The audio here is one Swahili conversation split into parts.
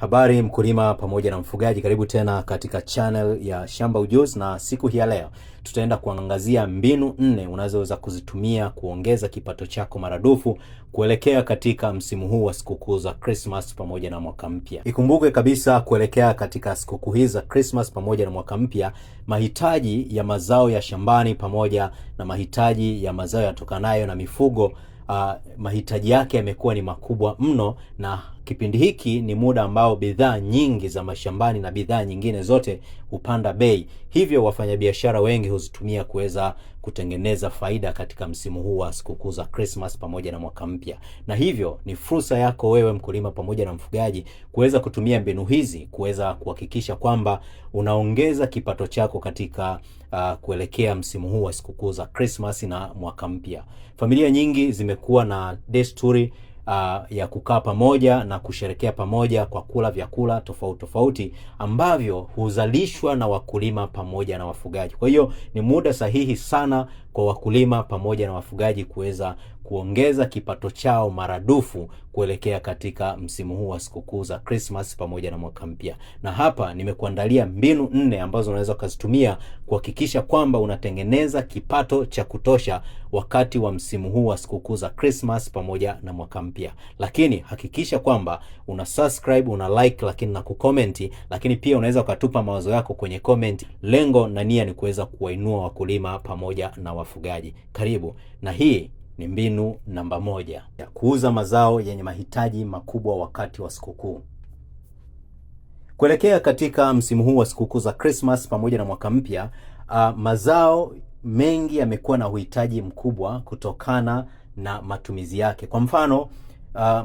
Habari mkulima pamoja na mfugaji, karibu tena katika channel ya Shamba Ujuzi, na siku hii ya leo tutaenda kuangazia mbinu nne unazoweza kuzitumia kuongeza kipato chako maradufu kuelekea katika msimu huu wa sikukuu za Christmas pamoja na mwaka mpya. Ikumbuke kabisa, kuelekea katika sikukuu hizi za Christmas pamoja na mwaka mpya, mahitaji ya mazao ya shambani pamoja na mahitaji ya mazao yatokanayo na mifugo uh, mahitaji yake yamekuwa ni makubwa mno, na kipindi hiki ni muda ambao bidhaa nyingi za mashambani na bidhaa nyingine zote hupanda bei, hivyo wafanyabiashara wengi huzitumia kuweza kutengeneza faida katika msimu huu wa sikukuu za Christmas pamoja na mwaka mpya, na hivyo ni fursa yako wewe mkulima pamoja na mfugaji kuweza kutumia mbinu hizi kuweza kuhakikisha kwamba unaongeza kipato chako katika uh, kuelekea msimu huu wa sikukuu za Christmas na mwaka mpya. Familia nyingi zimekuwa na desturi uh, ya kukaa pamoja na kusherekea pamoja kwa kula vyakula tofauti tofauti ambavyo huzalishwa na wakulima pamoja na wafugaji. Kwa hiyo ni muda sahihi sana kwa wakulima pamoja na wafugaji kuweza kuongeza kipato chao maradufu kuelekea katika msimu huu wa sikukuu za Krismas pamoja na mwaka mpya. Na hapa nimekuandalia mbinu nne ambazo unaweza ukazitumia kuhakikisha kwamba unatengeneza kipato cha kutosha wakati wa msimu huu wa sikukuu za Krismas pamoja na mwaka mpya. Lakini hakikisha kwamba una subscribe, una like, lakini na kukomenti, lakini pia unaweza ukatupa mawazo yako kwenye comment. Lengo na nia ni kuweza kuwainua wakulima pamoja na wafugaji wafugaji. Karibu, na hii ni mbinu namba moja ya kuuza mazao yenye mahitaji makubwa wakati wa sikukuu. Kuelekea katika msimu huu wa sikukuu za Christmas pamoja na mwaka mpya, uh, mazao mengi yamekuwa na uhitaji mkubwa kutokana na matumizi yake. Kwa mfano, uh,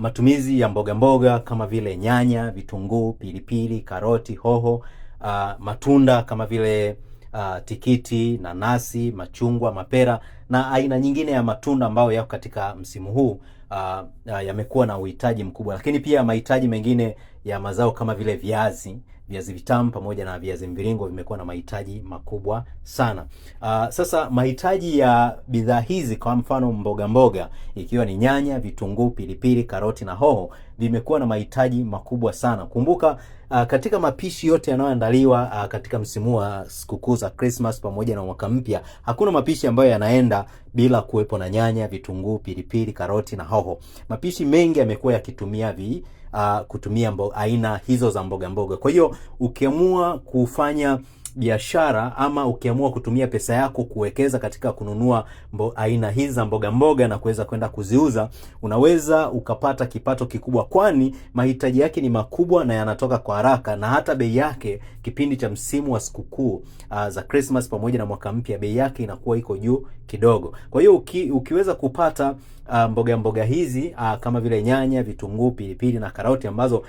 matumizi ya mboga mboga kama vile nyanya, vitunguu, pilipili, karoti, hoho, uh, matunda kama vile uh, tikiti, nanasi, machungwa, mapera na aina nyingine ya matunda ambayo yako katika msimu huu uh, uh, yamekuwa na uhitaji mkubwa, lakini pia mahitaji mengine ya mazao kama vile viazi viazi vitamu pamoja na viazi mviringo vimekuwa na mahitaji makubwa sana. Uh, sasa mahitaji ya bidhaa hizi kwa mfano mboga mboga ikiwa ni nyanya, vitunguu, pilipili, karoti na hoho vimekuwa na mahitaji makubwa sana. Kumbuka uh, katika mapishi yote yanayoandaliwa uh, katika msimu wa sikukuu za Christmas pamoja na mwaka mpya, hakuna mapishi ambayo yanaenda bila kuwepo na nyanya, vitunguu, pilipili, karoti na hoho. Mapishi mengi yamekuwa yakitumia vii uh, kutumia mboga, aina hizo za mboga mboga. Kwa hiyo ukiamua kufanya biashara ama ukiamua kutumia pesa yako kuwekeza katika kununua mbo, aina hizi za mboga mboga na kuweza kwenda kuziuza, unaweza ukapata kipato kikubwa, kwani mahitaji yake ni makubwa na yanatoka kwa haraka, na hata bei yake kipindi cha msimu wa sikukuu ah, za Christmas pamoja na mwaka mpya, bei yake inakuwa iko juu kidogo. Kwa hiyo uki, ukiweza kupata a, ah, mboga mboga hizi a, ah, kama vile nyanya, vitunguu, pilipili na karoti ambazo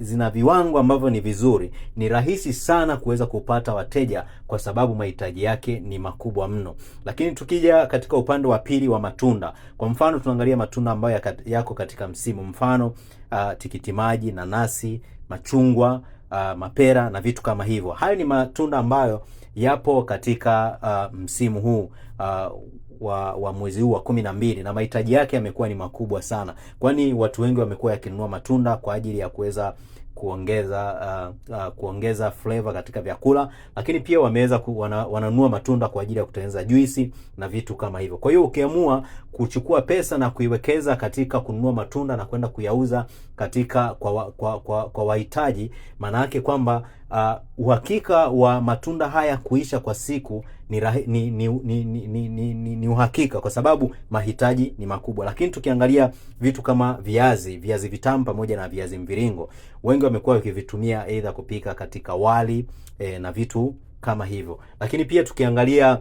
zina viwango ambavyo ni vizuri, ni rahisi sana kuweza kupata wateja kwa sababu mahitaji yake ni makubwa mno. Lakini tukija katika upande wa pili wa matunda, kwa mfano tunaangalia matunda ambayo yako katika msimu, mfano uh, tikiti maji, nanasi, machungwa, uh, mapera na vitu kama hivyo. Hayo ni matunda ambayo yapo katika uh, msimu huu uh, wa, wa mwezi huu wa kumi na mbili na mahitaji yake yamekuwa ni makubwa sana, kwani watu wengi wamekuwa yakinunua matunda kwa ajili ya kuweza kuongeza uh, uh, kuongeza flavor katika vyakula, lakini pia wameweza wana, wananunua matunda kwa ajili ya kutengeneza juisi na vitu kama hivyo. Kwa hiyo ukiamua kuchukua pesa na kuiwekeza katika kununua matunda na kwenda kuyauza katika kwa kwa kwa, kwa wahitaji, maana yake kwamba uh, uhakika wa matunda haya kuisha kwa siku ni, ni, ni, ni, ni, ni, ni, ni uhakika kwa sababu mahitaji ni makubwa. Lakini tukiangalia vitu kama viazi, viazi vitamu pamoja na viazi mviringo, wengi wamekuwa wakivitumia aidha kupika katika wali e, na vitu kama hivyo. Lakini pia tukiangalia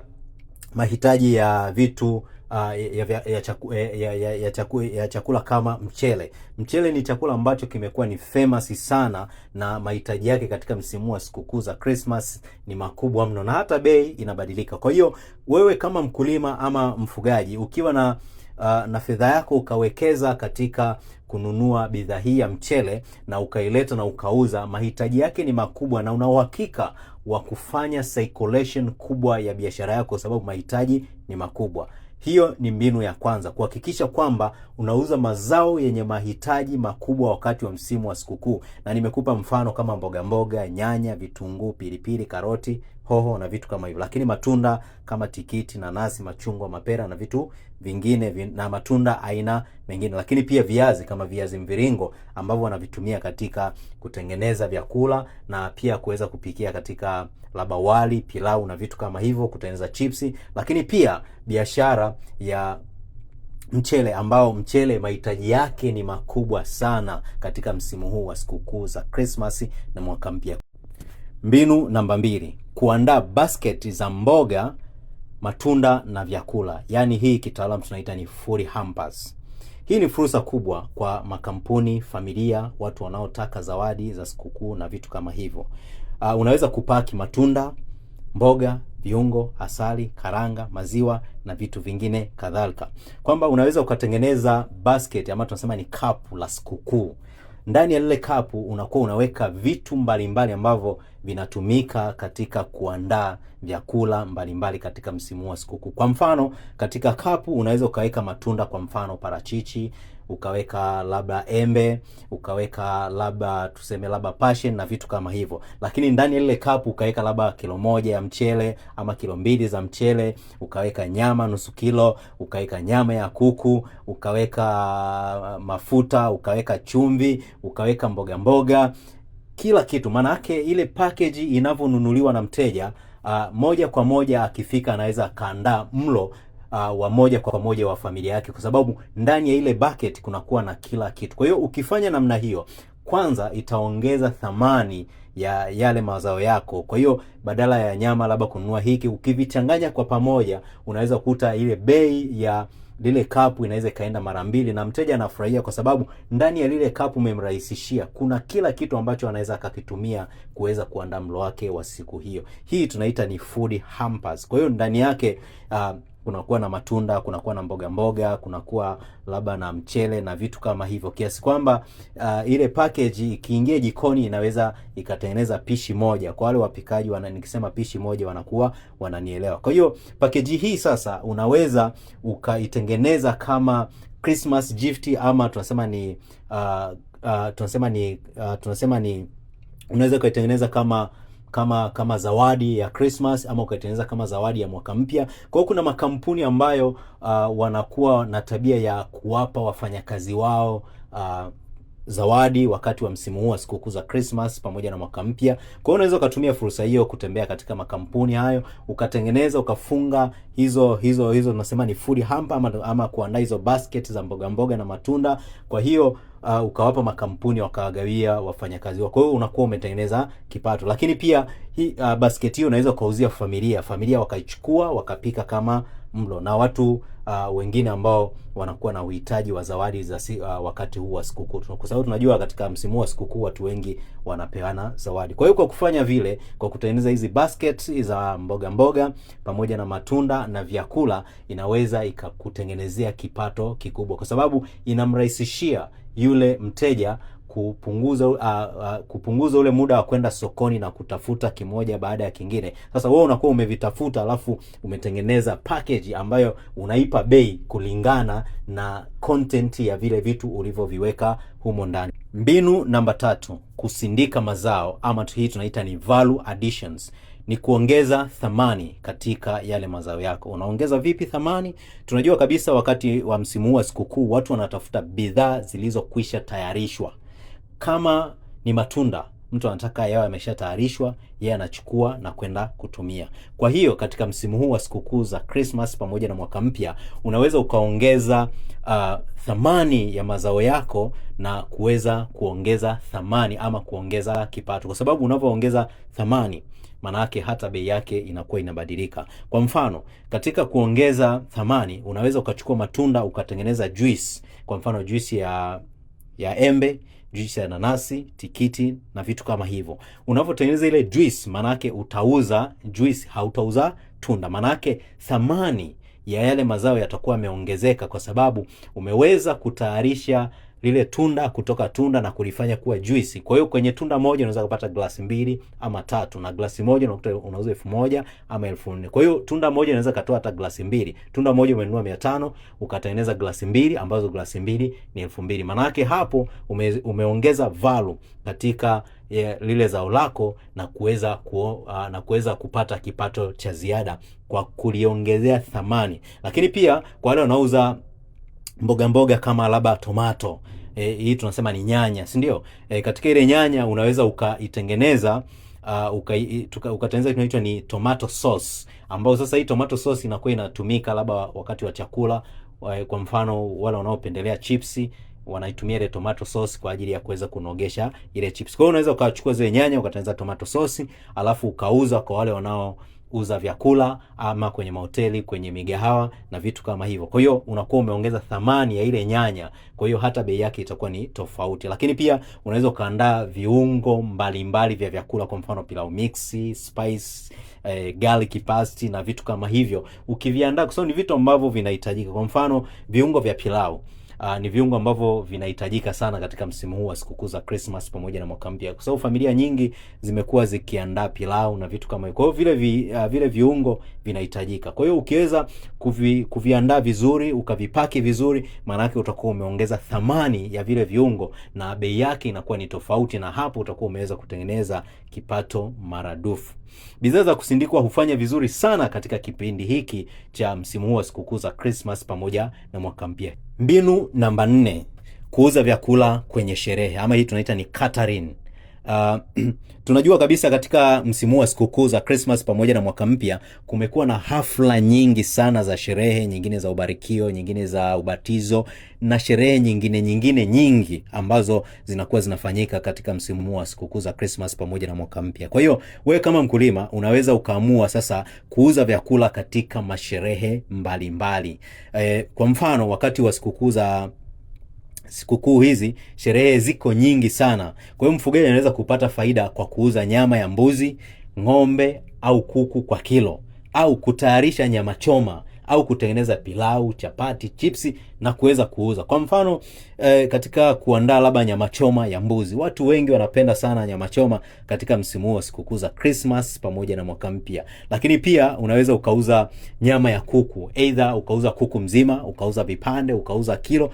mahitaji ya vitu uh, ya, ya, chaku, ya, ya, ya, chaku, ya chakula kama mchele. Mchele ni chakula ambacho kimekuwa ni famous sana na mahitaji yake katika msimu wa sikukuu za Christmas ni makubwa mno na hata bei inabadilika. Kwa hiyo wewe kama mkulima ama mfugaji ukiwa na Uh, na fedha yako ukawekeza katika kununua bidhaa hii ya mchele na ukaileta na ukauza, mahitaji yake ni makubwa na una uhakika wa kufanya circulation kubwa ya biashara yako, kwa sababu mahitaji ni makubwa. Hiyo ni mbinu ya kwanza, kuhakikisha kwamba unauza mazao yenye mahitaji makubwa wakati wa msimu wa sikukuu, na nimekupa mfano kama mboga mboga, nyanya, vitunguu, pilipili, karoti hoho na vitu kama hivyo, lakini matunda kama tikiti, nanasi, machungwa, mapera na vitu vingine na matunda aina mengine, lakini pia viazi kama viazi mviringo ambavyo wanavitumia katika kutengeneza vyakula na pia kuweza kupikia katika labda wali, pilau na vitu kama hivyo, kutengeneza chipsi, lakini pia biashara ya mchele ambao mchele mahitaji yake ni makubwa sana katika msimu huu wa sikukuu za Krismasi na mwaka mpya. Mbinu namba mbili kuandaa basket za mboga, matunda na vyakula, yaani hii kitaalam tunaita ni food hampers. Hii ni fursa kubwa kwa makampuni, familia, watu wanaotaka zawadi za sikukuu na vitu kama hivyo. Uh, unaweza kupaki matunda, mboga, viungo, asali, karanga, maziwa na vitu vingine kadhalika, kwamba unaweza ukatengeneza basket ama tunasema ni kapu la sikukuu ndani ya lile kapu unakuwa unaweka vitu mbalimbali ambavyo vinatumika katika kuandaa vyakula mbalimbali katika msimu wa sikukuu. Kwa mfano, katika kapu unaweza ukaweka matunda, kwa mfano parachichi, ukaweka labda embe, ukaweka labda tuseme labda passion na vitu kama hivyo, lakini ndani ya lile kapu ukaweka labda kilo moja ya mchele ama kilo mbili za mchele, ukaweka nyama nusu kilo, ukaweka nyama ya kuku, ukaweka uh, mafuta, ukaweka chumvi, ukaweka mboga mboga, kila kitu. maanaake ile package inavyonunuliwa na mteja, uh, moja kwa moja akifika anaweza akaandaa mlo uh, wa moja kwa moja wa familia yake, kwa sababu ndani ya ile bucket kunakuwa na kila kitu. Kwa hiyo ukifanya namna hiyo, kwanza itaongeza thamani ya yale mazao yako. Kwa hiyo badala ya nyama labda kununua hiki, ukivichanganya kwa pamoja, unaweza kukuta ile bei ya lile kapu inaweza ikaenda mara mbili, na mteja anafurahia kwa sababu ndani ya lile kapu umemrahisishia, kuna kila kitu ambacho anaweza akakitumia kuweza kuandaa mlo wake wa siku hiyo. Hii tunaita ni food hampers. Kwa hiyo ndani yake uh, kunakuwa na matunda, kunakuwa na mboga mboga, kunakuwa labda na mchele na vitu kama hivyo, kiasi kwamba uh, ile package ikiingia jikoni inaweza ikatengeneza pishi moja. Kwa wale wapikaji wana, nikisema pishi moja wanakuwa wananielewa. Kwa hiyo package hii sasa unaweza ukaitengeneza kama Christmas gift ama tunasema ni uh, uh, tunasema ni uh, tunasema ni unaweza ukaitengeneza kama kama kama zawadi ya Christmas ama ukatengeneza kama zawadi ya mwaka mpya. Kwa hiyo kuna makampuni ambayo uh, wanakuwa na tabia ya kuwapa wafanyakazi wao uh, zawadi wakati wa msimu huu wa sikukuu za Christmas pamoja na mwaka mpya. Kwa hiyo unaweza ukatumia fursa hiyo kutembea katika makampuni hayo, ukatengeneza ukafunga hizo hizo hizo tunasema ni food hamper ama, ama kuandaa hizo basket za mboga mboga na matunda. Kwa hiyo uh, ukawapa makampuni wakawagawia wafanyakazi wao. Kwa hiyo unakuwa umetengeneza kipato, lakini pia hii uh, basket hiyo unaweza ukauzia familia, familia wakaichukua wakapika kama mlo na watu uh, wengine ambao wanakuwa na uhitaji wa zawadi za si, uh, wakati huu wa sikukuu, kwa sababu tunajua katika msimu wa sikukuu watu wengi wanapeana zawadi. Kwa hiyo kwa kufanya vile, kwa kutengeneza hizi basket za mboga mboga pamoja na matunda na vyakula, inaweza ikakutengenezea kipato kikubwa, kwa sababu inamrahisishia yule mteja kupunguza, uh, uh, kupunguza ule muda wa kwenda sokoni na kutafuta kimoja baada ya kingine. Sasa wewe unakuwa umevitafuta, alafu umetengeneza package ambayo unaipa bei kulingana na content ya vile vitu ulivyoviweka humo ndani. Mbinu namba tatu, kusindika mazao ama hii tunaita ni value additions ni kuongeza thamani katika yale mazao yako. Unaongeza vipi thamani? Tunajua kabisa wakati wa msimu huu wa sikukuu watu wanatafuta bidhaa zilizokwisha tayarishwa. Kama ni matunda mtu anataka yawe ameshatayarishwa, yeye anachukua na kwenda kutumia. Kwa hiyo katika msimu huu wa sikukuu za Christmas pamoja na mwaka mpya, unaweza ukaongeza uh, thamani ya mazao yako na kuweza kuongeza thamani ama kuongeza kipato, kwa sababu unavyoongeza thamani, maana hata bei yake inakuwa inabadilika. Kwa mfano, katika kuongeza thamani, unaweza ukachukua matunda ukatengeneza juice, kwa mfano juisi ya ya embe juisi ya nanasi, tikiti na vitu kama hivyo. Unavyotengeneza ile juisi, maanake utauza juisi, hautauza tunda, maanake thamani ya yale mazao yatakuwa yameongezeka, kwa sababu umeweza kutayarisha lile tunda kutoka tunda na kulifanya kuwa juisi. Kwa hiyo kwenye tunda moja unaweza kupata glasi mbili ama tatu, na glasi moja unakuta unauza elfu moja ama elfu nne. Kwa hiyo tunda moja unaweza katoa hata glasi mbili. Tunda moja umenunua mia tano ukatengeneza glasi mbili ambazo glasi mbili ni elfu mbili. Manake hapo ume, umeongeza valu katika ya e, lile zao lako na kuweza ku, na kuweza kupata kipato cha ziada kwa kuliongezea thamani, lakini pia kwa wale wanaouza mboga mboga kama labda tomato e, hii tunasema ni nyanya, si ndio? E, katika ile nyanya unaweza ukaitengeneza Uh, ukatengeneza uka kinaitwa ni tomato sauce, ambayo sasa hii tomato sauce inakuwa inatumika labda wakati wa chakula. Eh, kwa mfano wale wanaopendelea chipsi wanaitumia ile tomato sauce kwa ajili ya kuweza kunogesha ile chips. Kwa hiyo unaweza ukachukua zile nyanya ukatengeneza tomato sauce, alafu ukauza kwa wale wanao kuuza vyakula ama kwenye mahoteli, kwenye migahawa na vitu kama hivyo. Kwa hiyo unakuwa umeongeza thamani ya ile nyanya, kwa hiyo hata bei yake itakuwa ni tofauti. Lakini pia unaweza ukaandaa viungo mbalimbali mbali vya vyakula, kwa mfano pilau mix, spice E, garlic paste na vitu kama hivyo ukiviandaa, kwa sababu ni vitu ambavyo vinahitajika. Kwa mfano viungo vya pilau uh, ni viungo ambavyo vinahitajika sana katika msimu huu wa sikukuu za Christmas pamoja na mwaka mpya, kwa sababu familia nyingi zimekuwa zikiandaa pilau na vitu kama hivyo. Kwa hiyo vile, vi, uh, vile viungo vinahitajika. Kwa hiyo ukiweza kuvi, kuviandaa vizuri ukavipaki vizuri, yake utakuwa umeongeza thamani ya vile viungo na bei yake inakuwa ni tofauti, na hapo utakuwa umeweza kutengeneza kipato maradufu. Bidhaa za kusindikwa hufanya vizuri sana katika kipindi hiki cha msimu huu wa sikukuu za Christmas pamoja na mwaka mpya. Mbinu namba nne, kuuza vyakula kwenye sherehe, ama hii tunaita ni catering. Uh, tunajua kabisa katika msimu wa sikukuu za Christmas pamoja na mwaka mpya kumekuwa na hafla nyingi sana za sherehe, nyingine za ubarikio, nyingine za ubatizo na sherehe nyingine nyingine nyingi ambazo zinakuwa zinafanyika katika msimu wa sikukuu za Christmas pamoja na mwaka mpya. Kwa hiyo wewe kama mkulima unaweza ukaamua sasa kuuza vyakula katika masherehe mbalimbali mbali. Eh, e, kwa mfano wakati wa sikukuu za Sikukuu hizi sherehe ziko nyingi sana, kwa hiyo mfugaji anaweza kupata faida kwa kuuza nyama ya mbuzi, ng'ombe au kuku kwa kilo, au kutayarisha nyama choma au kutengeneza pilau, chapati, chipsi na kuweza kuuza. Kwa mfano eh, katika kuandaa labda nyama choma ya mbuzi, watu wengi wanapenda sana nyama choma katika msimu wa sikukuu za Christmas pamoja na mwaka mpya. Lakini pia unaweza ukauza nyama ya kuku, aidha ukauza kuku mzima, ukauza vipande, ukauza kilo,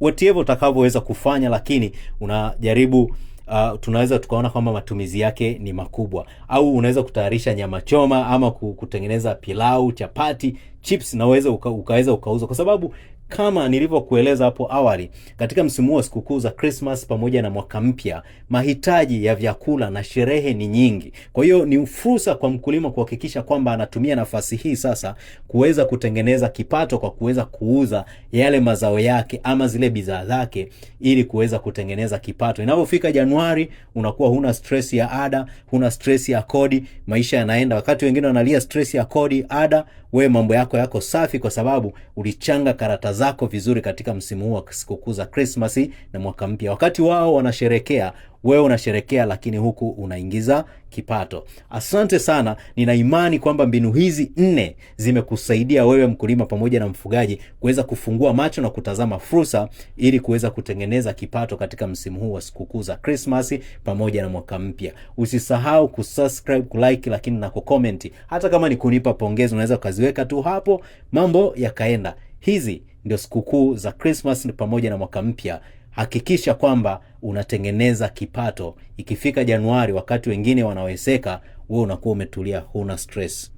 whatever utakavyoweza kufanya, lakini unajaribu Uh, tunaweza tukaona kwamba matumizi yake ni makubwa, au unaweza kutayarisha nyama choma ama kutengeneza pilau, chapati, chips, naweza uka, ukaweza ukauza, kwa sababu kama nilivyokueleza hapo awali, katika msimu wa sikukuu za Christmas pamoja na mwaka mpya, mahitaji ya vyakula na sherehe ni nyingi. Kwa hiyo ni fursa kwa mkulima kuhakikisha kwamba anatumia nafasi hii sasa kuweza kutengeneza kipato kwa kuweza kuuza yale mazao yake ama zile bidhaa zake ili kuweza kutengeneza kipato. Inapofika Januari, unakuwa huna stress ya ada, huna stress ya kodi, maisha yanaenda. Wakati wengine wanalia stress ya kodi, ada, we mambo yako yako safi kwa sababu ulichanga karata zako vizuri katika msimu huu wa sikukuu za Christmas na mwaka mpya. Wakati wao wanasherekea, wewe unasherekea, lakini huku unaingiza kipato. Asante sana, nina imani kwamba mbinu hizi nne zimekusaidia wewe mkulima pamoja na mfugaji kuweza kufungua macho na kutazama fursa ili kuweza kutengeneza kipato katika msimu huu wa sikukuu za Christmas pamoja na mwaka mpya. Usisahau kusubscribe, kulike, lakini na kucomment. Hata kama ni kunipa pongezi, unaweza ukaziweka tu hapo, mambo yakaenda. Hizi ndio sikukuu za Krismas ni pamoja na mwaka mpya. Hakikisha kwamba unatengeneza kipato. Ikifika Januari, wakati wengine wanaweseka, wewe unakuwa umetulia, huna stress.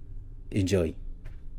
Enjoy.